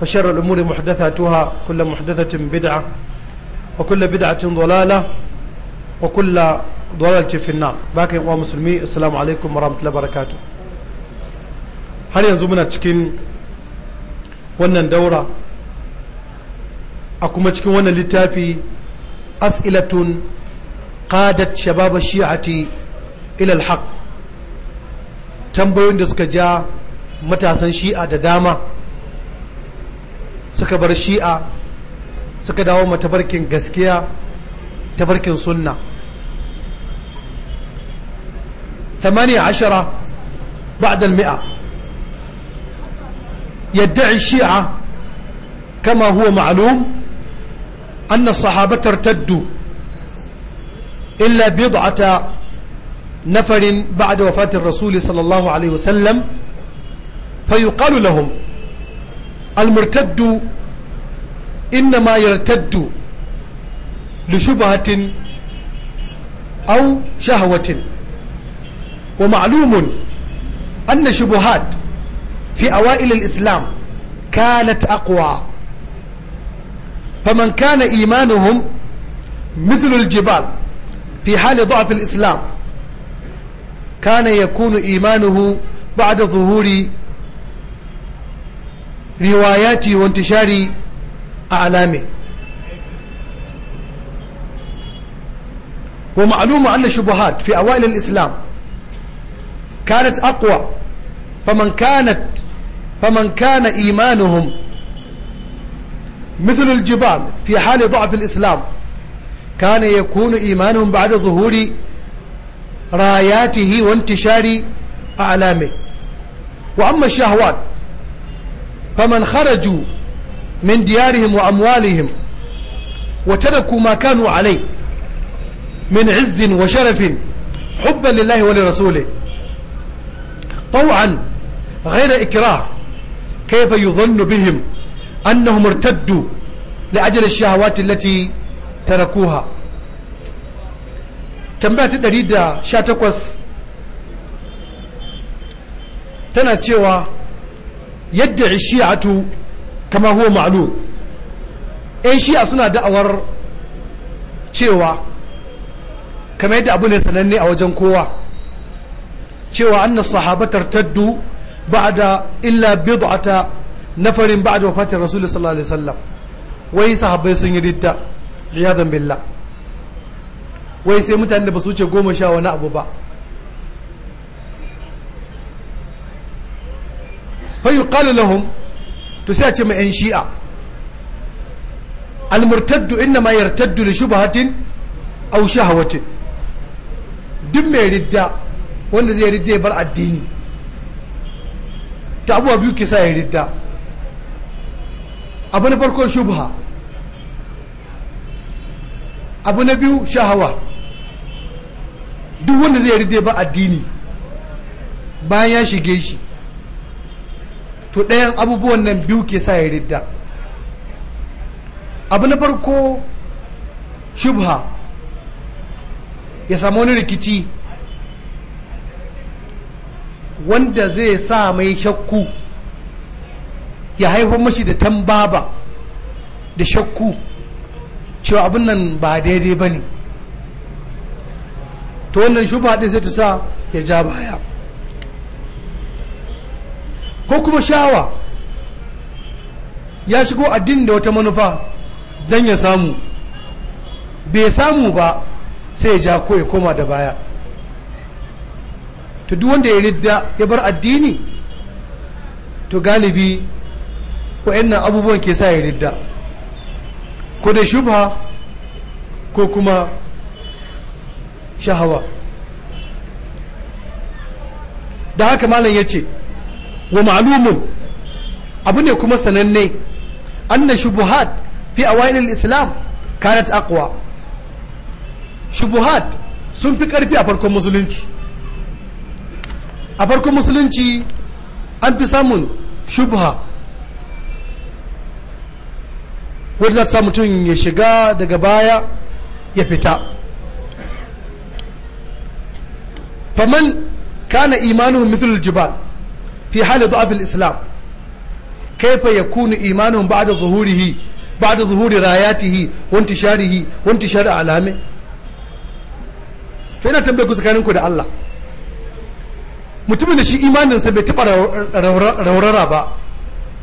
وشر الأمور محدثاتها كل محدثة بدعة وكل بدعة ضلالة وكل ضلالة في النار باقي ومسلمي السلام عليكم ورحمة الله وبركاته har yanzu muna cikin wannan daura a kuma cikin wannan littafi as'ilatun qadat shababa shi'ati ila alhaq tambayoyin da suka ja matasan shi'a da dama suka bar shi'a suka dawo ma tabarkin gaskiya tabarkin sunna ثمانية عشرة بعد المئة يدعي الشيعة كما هو معلوم أن الصحابة ارتدوا إلا بضعة نفر بعد وفاة الرسول صلى الله عليه وسلم فيقال لهم المرتد إنما يرتد لشبهة أو شهوة ومعلوم أن شبهات في أوائل الإسلام كانت أقوى فمن كان إيمانهم مثل الجبال في حال ضعف الإسلام كان يكون إيمانه بعد ظهور رواياته وانتشار أعلامه ومعلوم أن الشبهات في أوائل الإسلام كانت أقوى فمن كانت فمن كان إيمانهم مثل الجبال في حال ضعف الإسلام كان يكون إيمانهم بعد ظهور راياته وانتشار أعلامه وأما الشهوات faman kharaju min diyarihim wa amwalihim wa taraku ma kanu alai min izzin wa sharafin hubban lillahi wa lirasuli طوعا غير إكراه كيف يظن بهم أنهم ارتدوا لأجل الشهوات التي تركوها tambaya ta ɗari da sha takwas tana cewa yadda shi'atu kama huwa ma'lum yan shi'a suna da'awar cewa kama yadda abu ne sananne a wajen kowa cewa annas sahabatar taddu ba'da illa bid'ata nafarin ba'da wafatin rasul sallallahu alaihi wasallam wai sahabbai sun yi ridda riyadan billah wai sai mutane da ba su wuce goma sha wani abu ba fa yuqalu lahum to sai a ce ma yan shi'a almurtaddu inna ma yartaddu li shubhatin aw shahawatin duk mai ridda wanda zai ridda ya bar addini ta abuwa biyu ke ya ridda abu na abu na biyu duk wanda zai addini bayan ya shige shi to ɗayan abubuwan nan biyu ke sa ya ridda abu na farko shubha ya samu wani rikici wanda zai sa mai shakku ya haifar mashi da tambaba da shakku cewa abin nan ba daidai ba ne to wannan shubha ɗin sai ta sa ya ja baya ko kuma Shahawa ya shigo addinin da wata manufa don ya samu bai samu ba sai ya ja ko ya koma da baya to duk wanda ya ridda ya bar addini to galibi ko wa'annan abubuwan ke sa ya ridda ko da shubha ko kuma shahawa da haka malam ya ce wa ma'lumun abu ne kuma sananne anna shubuhat fi awailil islam kanat akwa shubuhat sun fi karfi a farkon musulunci a farkon musulunci an fi samun shubuha wadda za ta sa mutum ya shiga daga baya ya fita faman kana imanu mithlul jibal fi hali da'af al-islam kaifa ya imanuhum ba'da zuhurihi ba'da zuhuri rayatihi wa intisharihi wa intishari ina tambaye ku tsakanin ku da Allah mutumin da shi imaninsa bai taba raurara ba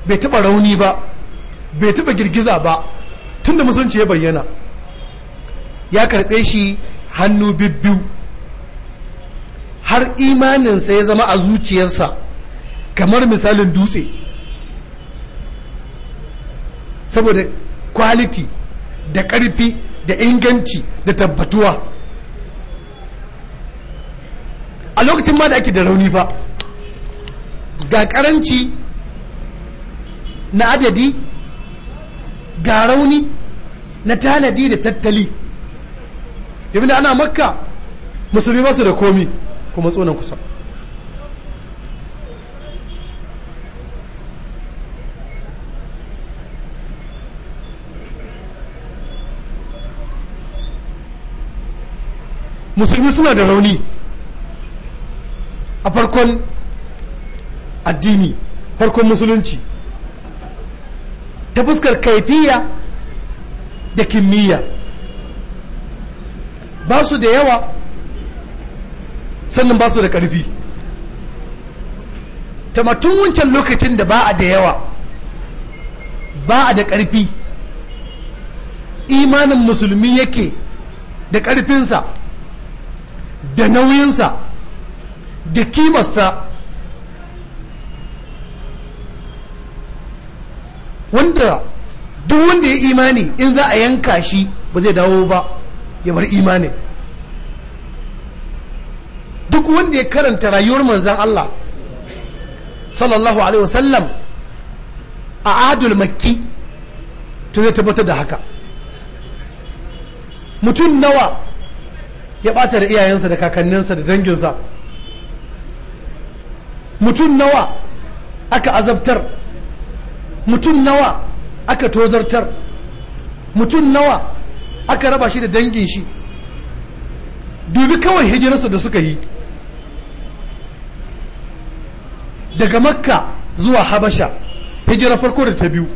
bai taba girgiza ba tunda musulunci ya bayyana ya karɓe shi hannu bibbiyu har imaninsa ya zama a zuciyarsa kamar misalin dutse saboda quality da ƙarfi da inganci da tabbatuwa a lokacin ma da ake da rauni fa ga ƙaranci na adadi ga rauni na tanadi da tattali yabi da ana makka musulmi ba da komi kuma tsonan kusa musulmi suna da rauni a farkon addini farkon musulunci ta fuskar kaifiya da kimiyya ba su da yawa sannan ba su da ƙarfi tamatun wancan lokacin da ba a da yawa ba a da ƙarfi imanin musulmi yake da ƙarfinsa da nauyinsa da kimarsa wanda duk wanda ya imani in za a yanka shi ba zai dawo ba ya bar imanin duk wanda ya karanta rayuwar manzan Allah sallallahu alaihi wasallam a adul makki to zai tabbatar da haka mutum nawa ya ɓata da iyayensa da kakanninsa da danginsa mutum nawa aka azabtar mutum nawa aka tozartar mutum nawa aka raba shi da dangin shi dubi kawai hijirarsa da suka yi daga makka zuwa habasha hijira farko da ta biyu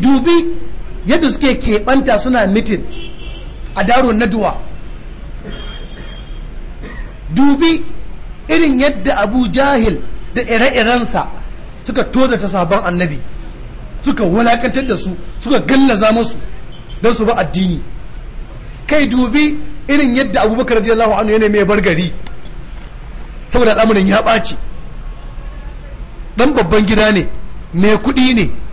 dubi yadda suke keɓanta suna mitin a daro naduwa dubi irin yadda abu jahil da ire-irensa suka toda ta sabon annabi suka walakantar da su suka gallaza musu don su ba addini kai dubi irin yadda abubakar radiyallahu anhu yana mai bar gari saboda al'amarin ya ɓaci dan babban gida ne mai kuɗi ne